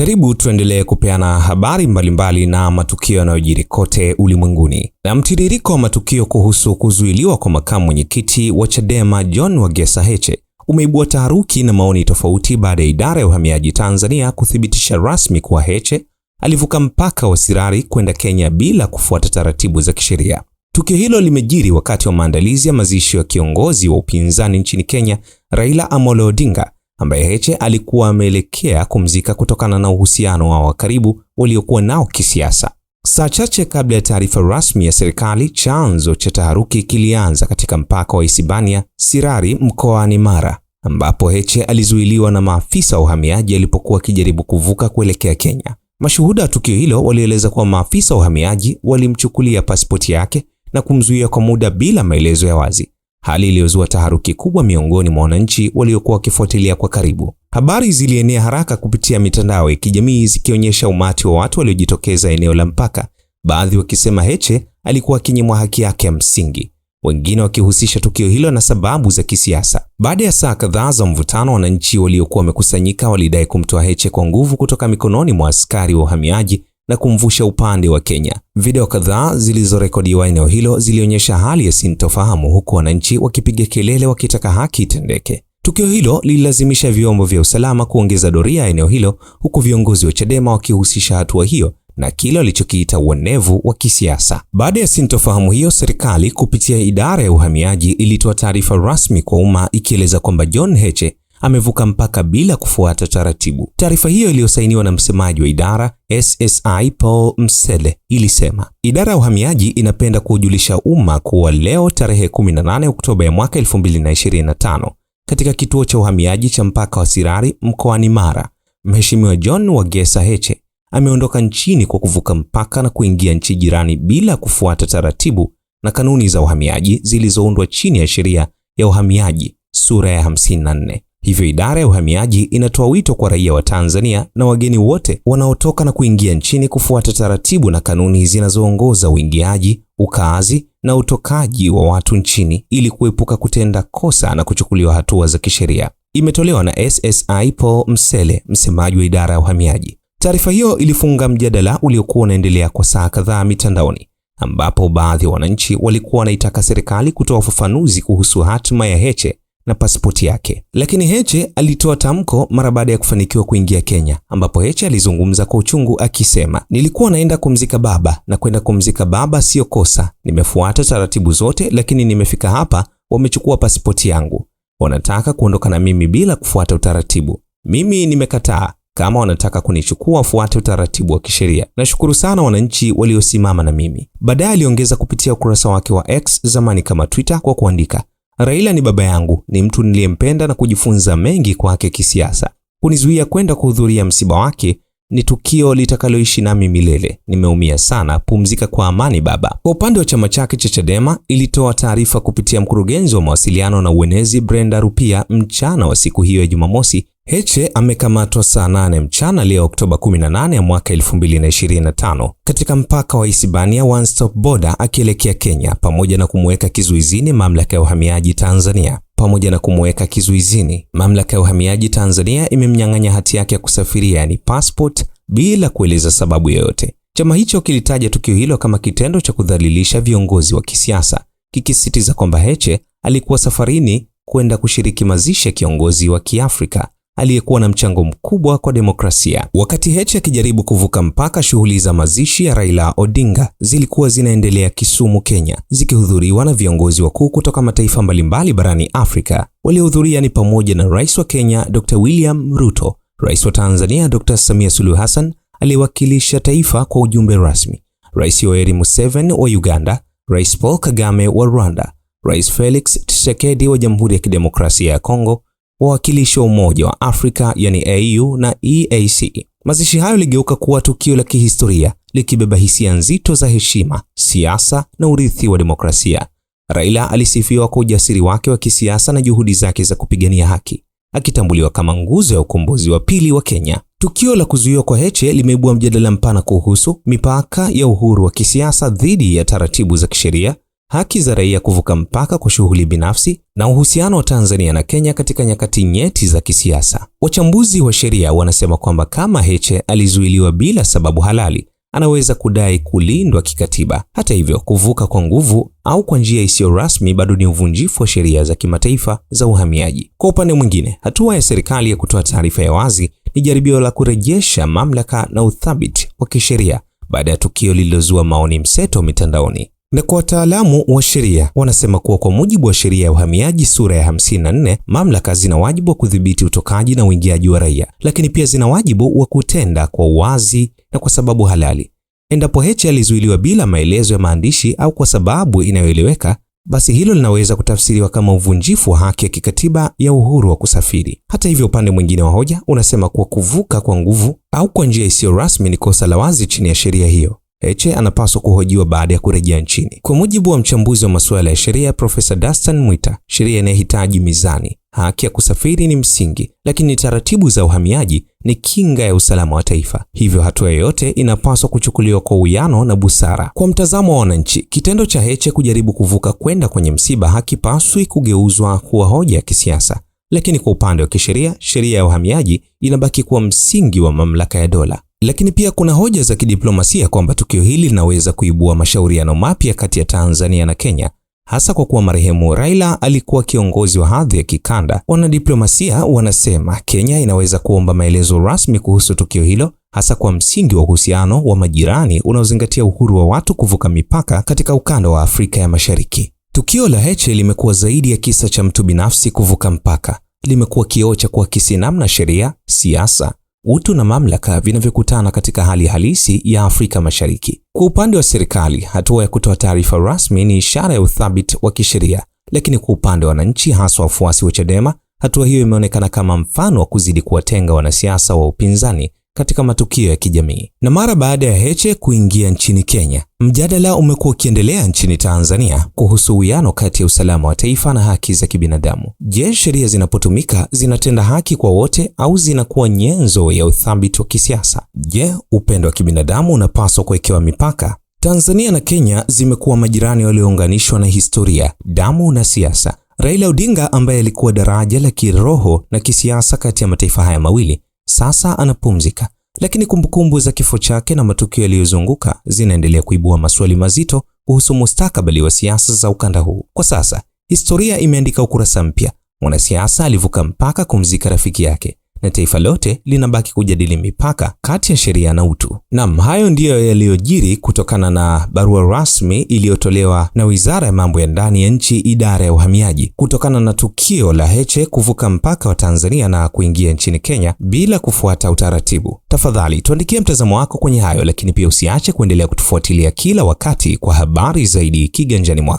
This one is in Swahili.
Karibu tuendelee kupeana habari mbalimbali mbali na matukio yanayojiri kote ulimwenguni. Na mtiririko wa matukio kuhusu kuzuiliwa kwa makamu mwenyekiti wa Chadema John Wagesa Heche umeibua taharuki na maoni tofauti baada ya idara ya uhamiaji Tanzania kuthibitisha rasmi kuwa Heche alivuka mpaka wa Sirari kwenda Kenya bila kufuata taratibu za kisheria. Tukio hilo limejiri wakati wa maandalizi ya mazishi ya kiongozi wa upinzani nchini Kenya, Raila Amolo Odinga ambaye Heche alikuwa ameelekea kumzika kutokana na uhusiano wao wa karibu waliokuwa nao kisiasa. Saa chache kabla ya taarifa rasmi ya serikali, chanzo cha taharuki kilianza katika mpaka wa Isibania Sirari mkoani Mara, ambapo Heche alizuiliwa na maafisa wa uhamiaji alipokuwa akijaribu kuvuka kuelekea Kenya. Mashuhuda wa tukio hilo walieleza kuwa maafisa wa uhamiaji walimchukulia pasipoti yake na kumzuia kwa muda bila maelezo ya wazi hali iliyozua taharuki kubwa miongoni mwa wananchi waliokuwa wakifuatilia kwa karibu. Habari zilienea haraka kupitia mitandao ya kijamii zikionyesha umati wa watu waliojitokeza eneo la mpaka, baadhi wakisema Heche alikuwa akinyimwa haki yake ya msingi, wengine wakihusisha tukio hilo na sababu za kisiasa. Baada ya saa kadhaa za mvutano, wananchi waliokuwa wamekusanyika walidai kumtoa Heche kwa nguvu kutoka mikononi mwa askari wa uhamiaji na kumvusha upande wa Kenya. Video kadhaa zilizorekodiwa eneo hilo zilionyesha hali ya sintofahamu, huku wananchi wakipiga kelele wakitaka haki itendeke. Tukio hilo lililazimisha vyombo vya usalama kuongeza doria eneo hilo, huku viongozi wa Chadema wakihusisha hatua hiyo na kile walichokiita uonevu wa kisiasa. Baada ya sintofahamu hiyo, serikali kupitia idara ya uhamiaji ilitoa taarifa rasmi kwa umma ikieleza kwamba John Heche amevuka mpaka bila kufuata taratibu. Taarifa hiyo iliyosainiwa na msemaji wa idara SSI Paul Msele ilisema idara ya uhamiaji inapenda kuujulisha umma kuwa leo tarehe 18 Oktoba ya mwaka 2025 katika kituo cha uhamiaji cha mpaka wa Sirari mkoani Mara, Mheshimiwa John Wagesa Heche ameondoka nchini kwa kuvuka mpaka na kuingia nchi jirani bila kufuata taratibu na kanuni za uhamiaji zilizoundwa chini ya sheria ya uhamiaji sura ya 54. Hivyo idara ya uhamiaji inatoa wito kwa raia wa Tanzania na wageni wote wanaotoka na kuingia nchini kufuata taratibu na kanuni zinazoongoza uingiaji, ukaazi na utokaji wa watu nchini ili kuepuka kutenda kosa na kuchukuliwa hatua za kisheria. Imetolewa na SSI Paul Msele, msemaji wa idara ya uhamiaji. Taarifa hiyo ilifunga mjadala uliokuwa unaendelea kwa saa kadhaa mitandaoni ambapo baadhi ya wananchi walikuwa wanaitaka serikali kutoa ufafanuzi kuhusu hatima ya Heche na pasipoti yake. Lakini Heche alitoa tamko mara baada ya kufanikiwa kuingia Kenya, ambapo Heche alizungumza kwa uchungu akisema, nilikuwa naenda kumzika baba na kwenda kumzika baba siyo kosa, nimefuata taratibu zote, lakini nimefika hapa, wamechukua pasipoti yangu, wanataka kuondoka na mimi bila kufuata utaratibu. Mimi nimekataa. Kama wanataka kunichukua wafuate utaratibu wa kisheria. Nashukuru sana wananchi waliosimama na mimi. Baadaye aliongeza kupitia ukurasa wake wa X, zamani kama Twitter, kwa kuandika Raila ni baba yangu, ni mtu niliyempenda na kujifunza mengi kwake kisiasa. Kunizuia kwenda kuhudhuria msiba wake ni tukio litakaloishi nami milele. Nimeumia sana, pumzika kwa amani baba. Kwa upande wa chama chake cha Chadema, ilitoa taarifa kupitia mkurugenzi wa mawasiliano na uenezi Brenda Rupia mchana wa siku hiyo ya Jumamosi Heche amekamatwa saa 8 mchana leo Oktoba 18 ya mwaka 2025 katika mpaka wa Isibania One Stop Border akielekea Kenya, pamoja na kumweka kizuizini mamlaka ya uhamiaji Tanzania. Pamoja na kumweka kizuizini, mamlaka ya uhamiaji Tanzania imemnyang'anya hati yake ya kusafiria, yani passport, bila kueleza sababu yoyote. Chama hicho kilitaja tukio hilo kama kitendo cha kudhalilisha viongozi wa kisiasa, kikisitiza kwamba Heche alikuwa safarini kwenda kushiriki mazishi ya kiongozi wa Kiafrika aliyekuwa na mchango mkubwa kwa demokrasia. Wakati Heche akijaribu kuvuka mpaka, shughuli za mazishi ya Raila Odinga zilikuwa zinaendelea Kisumu, Kenya, zikihudhuriwa na viongozi wakuu kutoka mataifa mbalimbali barani Afrika. Waliohudhuria ni pamoja na Rais wa Kenya Dr. William Ruto, Rais wa Tanzania Dr. Samia Suluhu Hassan aliyewakilisha taifa kwa ujumbe rasmi, Rais Yoweri Museveni wa Uganda, Rais Paul Kagame wa Rwanda, Rais Felix Tshisekedi wa Jamhuri ya Kidemokrasia ya Kongo wawakilishi wa Umoja wa Afrika yani AU na EAC. Mazishi hayo ligeuka kuwa tukio la kihistoria likibeba hisia nzito za heshima, siasa na urithi wa demokrasia. Raila alisifiwa kwa ujasiri wake wa kisiasa na juhudi zake za kupigania haki, akitambuliwa kama nguzo ya ukombozi wa pili wa Kenya. Tukio la kuzuiwa kwa Heche limeibua mjadala mpana kuhusu mipaka ya uhuru wa kisiasa dhidi ya taratibu za kisheria, haki za raia kuvuka mpaka kwa shughuli binafsi na uhusiano wa Tanzania na Kenya katika nyakati nyeti za kisiasa. Wachambuzi wa sheria wanasema kwamba kama Heche alizuiliwa bila sababu halali, anaweza kudai kulindwa kikatiba. Hata hivyo, kuvuka kwa nguvu au kwa njia isiyo rasmi bado ni uvunjifu wa sheria za kimataifa za uhamiaji. Kwa upande mwingine, hatua ya serikali ya kutoa taarifa ya wazi ni jaribio la kurejesha mamlaka na uthabiti wa kisheria baada ya tukio lililozua maoni mseto mitandaoni. Na kwa wataalamu wa sheria wanasema kuwa kwa mujibu wa sheria ya uhamiaji sura ya 54, mamlaka zina wajibu wa kudhibiti utokaji na uingiaji wa raia, lakini pia zina wajibu wa kutenda kwa uwazi na kwa sababu halali. Endapo Heche alizuiliwa bila maelezo ya maandishi au kwa sababu inayoeleweka, basi hilo linaweza kutafsiriwa kama uvunjifu wa haki ya kikatiba ya uhuru wa kusafiri. Hata hivyo, upande mwingine wa hoja unasema kuwa kuvuka kwa nguvu au kwa njia isiyo rasmi ni kosa la wazi chini ya sheria hiyo. Heche anapaswa kuhojiwa baada ya kurejea nchini. Kwa mujibu wa mchambuzi wa masuala ya sheria Profesa Dastan Mwita, sheria inahitaji mizani. Haki ya kusafiri ni msingi, lakini taratibu za uhamiaji ni kinga ya usalama wa taifa. Hivyo hatua yoyote inapaswa kuchukuliwa kwa uwiano na busara. Kwa mtazamo wa wananchi, kitendo cha Heche kujaribu kuvuka kwenda kwenye msiba hakipaswi kugeuzwa kuwa hoja ya kisiasa. Lakini kwa upande wa kisheria, sheria ya uhamiaji inabaki kuwa msingi wa mamlaka ya dola. Lakini pia kuna hoja za kidiplomasia kwamba tukio hili linaweza kuibua mashauriano mapya kati ya Tanzania na Kenya, hasa kwa kuwa marehemu Raila alikuwa kiongozi wa hadhi ya kikanda. Wanadiplomasia wanasema Kenya inaweza kuomba maelezo rasmi kuhusu tukio hilo, hasa kwa msingi wa uhusiano wa majirani unaozingatia uhuru wa watu kuvuka mipaka katika ukanda wa Afrika ya Mashariki. Tukio la Heche limekuwa zaidi ya kisa cha mtu binafsi kuvuka mpaka. Limekuwa kioo cha kuakisi namna sheria, siasa utu na mamlaka vinavyokutana katika hali halisi ya Afrika Mashariki. Kwa upande wa serikali, hatua ya kutoa taarifa rasmi ni ishara ya uthabiti wa kisheria, lakini kwa upande wa wananchi, hasa wafuasi wa Chadema, hatua hiyo imeonekana kama mfano wa kuzidi kuwatenga wanasiasa wa upinzani katika matukio ya kijamii. Na mara baada ya Heche kuingia nchini Kenya, mjadala umekuwa ukiendelea nchini Tanzania kuhusu uwiano kati ya usalama wa taifa na haki za kibinadamu. Je, sheria zinapotumika zinatenda haki kwa wote au zinakuwa nyenzo ya uthabiti wa kisiasa? Je, upendo wa kibinadamu unapaswa kuwekewa mipaka? Tanzania na Kenya zimekuwa majirani waliounganishwa na historia, damu na siasa. Raila Odinga ambaye alikuwa daraja la kiroho na kisiasa kati ya mataifa haya mawili sasa anapumzika, lakini kumbukumbu za kifo chake na matukio yaliyozunguka zinaendelea kuibua maswali mazito kuhusu mustakabali wa siasa za ukanda huu. Kwa sasa, historia imeandika ukurasa mpya. Mwanasiasa alivuka mpaka kumzika rafiki yake, na taifa lote linabaki kujadili mipaka kati ya sheria na utu. Naam, hayo ndiyo yaliyojiri kutokana na barua rasmi iliyotolewa na Wizara ya Mambo ya Ndani ya Nchi, Idara ya Uhamiaji, kutokana na tukio la Heche kuvuka mpaka wa Tanzania na kuingia nchini Kenya bila kufuata utaratibu. Tafadhali tuandikie mtazamo wako kwenye hayo, lakini pia usiache kuendelea kutufuatilia kila wakati kwa habari zaidi kiganjani mwako.